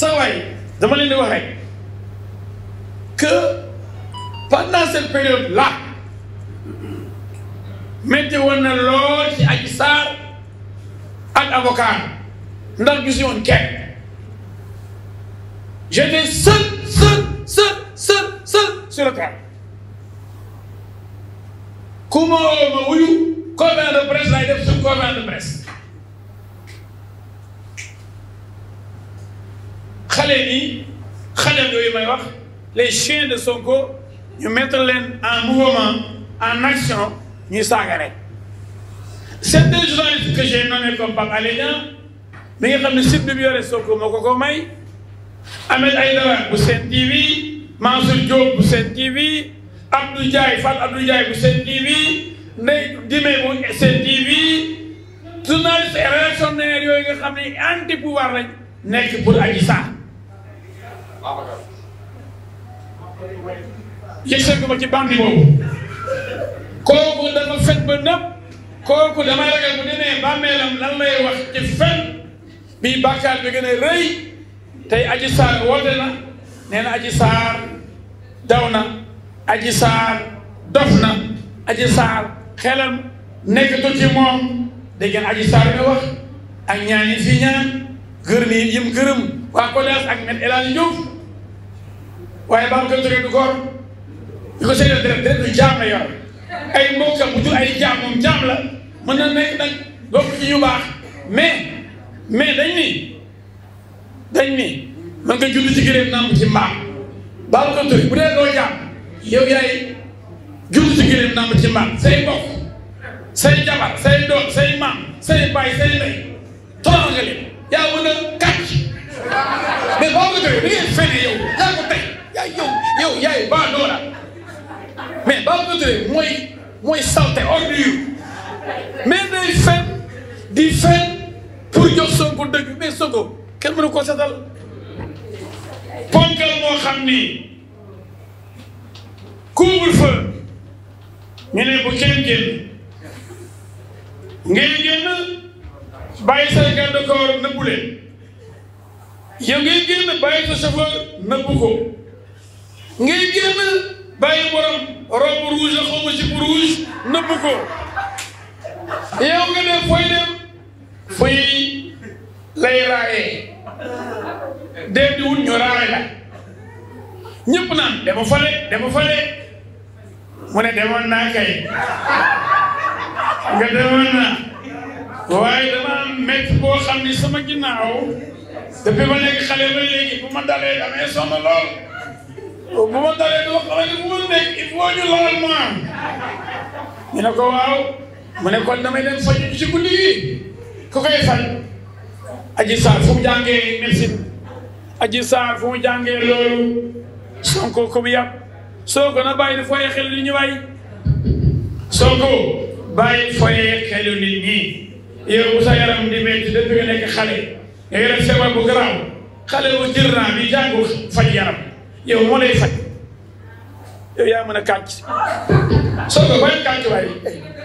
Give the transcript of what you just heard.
saa waay dama vous di que pendant cette période là Mettez-vous dans la ci à Sarr ak avocat ndax gis j'étais seul seul seul seul seul sur le terrain Comment ma woo ma de presse l'a def sur combien de presse les chiens de Sonko nous mettre en mouvement en action nous c'est des journalistes que j'ai nommé comme Pape Léon, mais il y a site Ahmed Aïdara pour TV Mansour Diop bu TV Abdou pour Fall Abdou TV bu TV réactionnaire nga anti pouvoir pour yëg ma ci bandi boobu kooku dama fet ba nëpp kooku damay ragal bu demee bàmmeelam lan lay wax ci fen bii bàkkaar bi gën a rëy tey aji saar woote na nee aji saar daw na aji saar dof na aji saar xelam nekkatul ci moom dégg ngeen aji saar mi wax ak ñaan fi ñaan gërëm yi yim gërëm waa Kodas ak Me El Hadji waaye ba mu koy jógee du góor ñu ko seetal du jaam la yor ay mbokkam bu jur ay jaam moom jaam la mën na nekk nag bokk ci ñu baax mais mais dañ ni dañ ni man nga julli ci gëléem nàmp ci mbaam baalu ko turi bu dee doo jaam yow yaay julli ci gëléem nàmp ci mbaam say mbokk say jabar say doom say maam say baay say yow yaay baadoola mais baadoola mooy mooy salte ordure mais day fen di fen pour jox Sonko dëgg mais Sonko kenn mënu ko setal ponkal moo xam ni couvre-feu ñu ne bu kenn génn ngay génn bàyyi sa garde corps nëbbu leen yow ngay génn bàyyi sa chauffeur nëbbu ko ngay génn bàyyi borom robe rouge a xaw ma ci rouge nëbb ko yow nga dem fooy dem fuy lay raayee dem di wut ñu raay la ñëpp naan dama fale dama fale mu naa kay nga demoon naa waaye dama am métti xam ni sama ginnaaw depuis ma nekk xale ba léegi bu ma dalee damay sonn lool. bu ma dalee di wax dama ne mu nekk il laal maam ñu ne waaw mu ne kon damay dem faju ci guddi gi ku koy faj aji saar fu mu jàngee médecine loolu sonko ko bu yàpp soo ko na bàyyi di foyee xelu nit ñi waay soo ko bàyyi foyee xelu nit ñi yow bu yaram di métti depuis nga nekk xale nga yaram feebar bu garaaw xale bu jër naa bi faj yaram yow moo lay faj yow yaa mën a kàcc soo ko bàyyi kàcc waaye